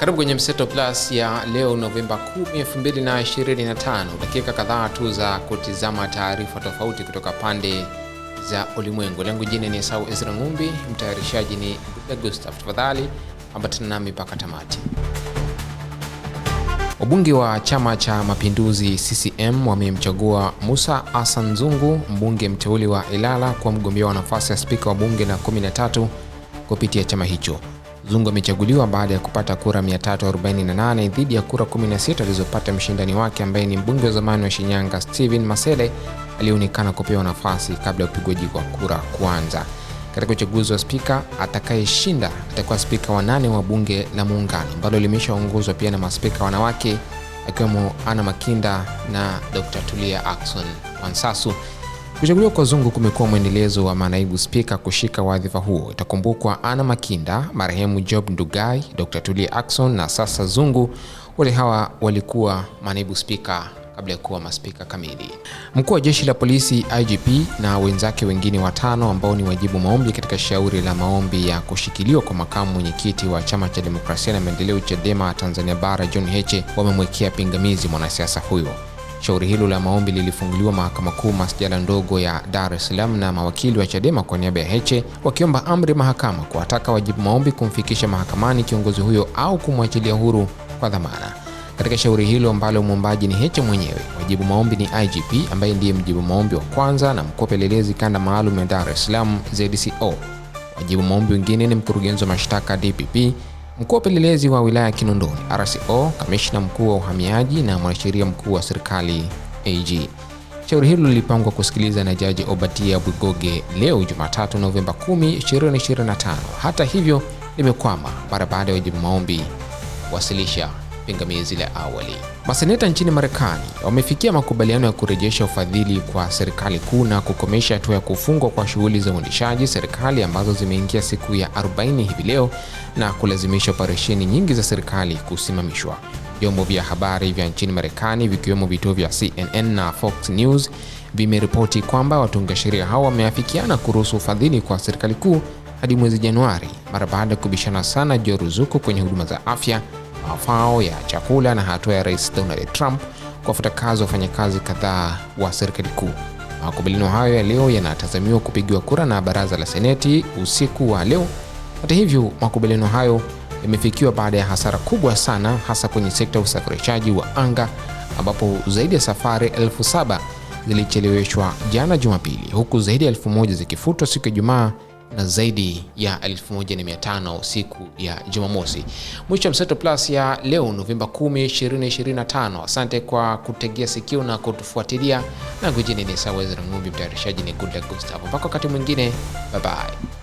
Karibu kwenye Mseto Plus ya leo Novemba 10, 2025. Dakika kadhaa tu za kutizama taarifa tofauti kutoka pande za ulimwengu. Lengo jingine ni Sau Ezra Ngumbi, mtayarishaji ni Gustav. Tafadhali ambatana nami mpaka tamati. Wabunge wa Chama cha Mapinduzi CCM wamemchagua Musa hassan Zungu, mbunge mteuli wa Ilala, kuwa mgombea wa nafasi ya spika wa bunge la 13 kupitia chama hicho. Zungu amechaguliwa baada ya kupata kura 348 dhidi ya kura 16 alizopata mshindani wake ambaye ni mbunge wa zamani wa Shinyanga Steven Masele aliyeonekana kupewa nafasi kabla ya upigwaji wa kura kuanza. Katika uchaguzi wa spika, atakayeshinda atakuwa spika wa nane wa bunge la muungano ambalo limeshaongozwa pia na maspika wanawake akiwemo ana Makinda na Dr. Tulia Ackson Wansasu. Kuchaguliwa kwa Zungu kumekuwa mwendelezo wa manaibu spika kushika wadhifa huo. Itakumbukwa Anna Makinda, marehemu Job Ndugai, Dr. Tulia Ackson na sasa Zungu, wote hawa walikuwa manaibu spika kabla ya kuwa maspika kamili. Mkuu wa jeshi la polisi IGP na wenzake wengine watano ambao ni wajibu maombi katika shauri la maombi ya kushikiliwa kwa makamu mwenyekiti wa chama cha demokrasia na maendeleo Chadema Tanzania bara John Heche wamemwekea pingamizi mwanasiasa huyo. Shauri hilo la maombi lilifunguliwa Mahakama Kuu masjala ndogo ya Dar es Salaam na mawakili wa Chadema kwa niaba ya Heche wakiomba amri mahakama kuwataka wajibu maombi kumfikisha mahakamani kiongozi huyo au kumwachilia huru kwa dhamana. Katika shauri hilo ambalo mwombaji ni Heche mwenyewe, wajibu maombi ni IGP ambaye ndiye mjibu maombi wa kwanza na mkopelelezi kanda maalum ya Dar es Salaam ZCO. Wajibu maombi wengine ni mkurugenzi wa mashtaka DPP Mkuu wa upelelezi wa wilaya ya Kinondoni RCO, kamishna mkuu wa uhamiaji na mwanasheria mkuu wa serikali AG. Shauri hilo lilipangwa kusikiliza na Jaji Obadia Bwigoge leo Jumatatu Novemba 10, 2025. Hata hivyo, limekwama mara baada ya wajibu maombi kuwasilisha pingamizi la awali. Maseneta nchini Marekani wamefikia makubaliano ya kurejesha ufadhili kwa serikali kuu na kukomesha hatua ya kufungwa kwa shughuli za uendeshaji serikali ambazo zimeingia siku ya 40 hivi leo na kulazimisha operesheni nyingi za serikali kusimamishwa. Vyombo vya habari vya nchini Marekani vikiwemo vituo vya CNN na Fox News vimeripoti kwamba watunga sheria hao wameafikiana kuruhusu ufadhili kwa serikali kuu hadi mwezi Januari mara baada ya kubishana sana juu ya ruzuku kwenye huduma za afya mafao ya chakula na hatua ya Rais Donald Trump kuwafuta kazi wafanyakazi kadhaa wa serikali kuu. Makubaliano hayo ya leo yanatazamiwa kupigiwa kura na baraza la Seneti usiku wa leo. Hata hivyo, makubaliano hayo yamefikiwa baada ya hasara kubwa sana, hasa kwenye sekta ya usafirishaji wa anga ambapo zaidi ya safari elfu saba zilicheleweshwa jana Jumapili, huku zaidi ya elfu moja zikifutwa siku ya Ijumaa na zaidi ya 1500 siku ya Jumamosi. Mwisho wa Mseto Plus ya leo Novemba 10, 2025. Asante kwa kutegea sikio na kutufuatilia, na gujini ni na Ngumbi, mtayarishaji ni Good Gustavo. Mpaka wakati mwingine, bye bye.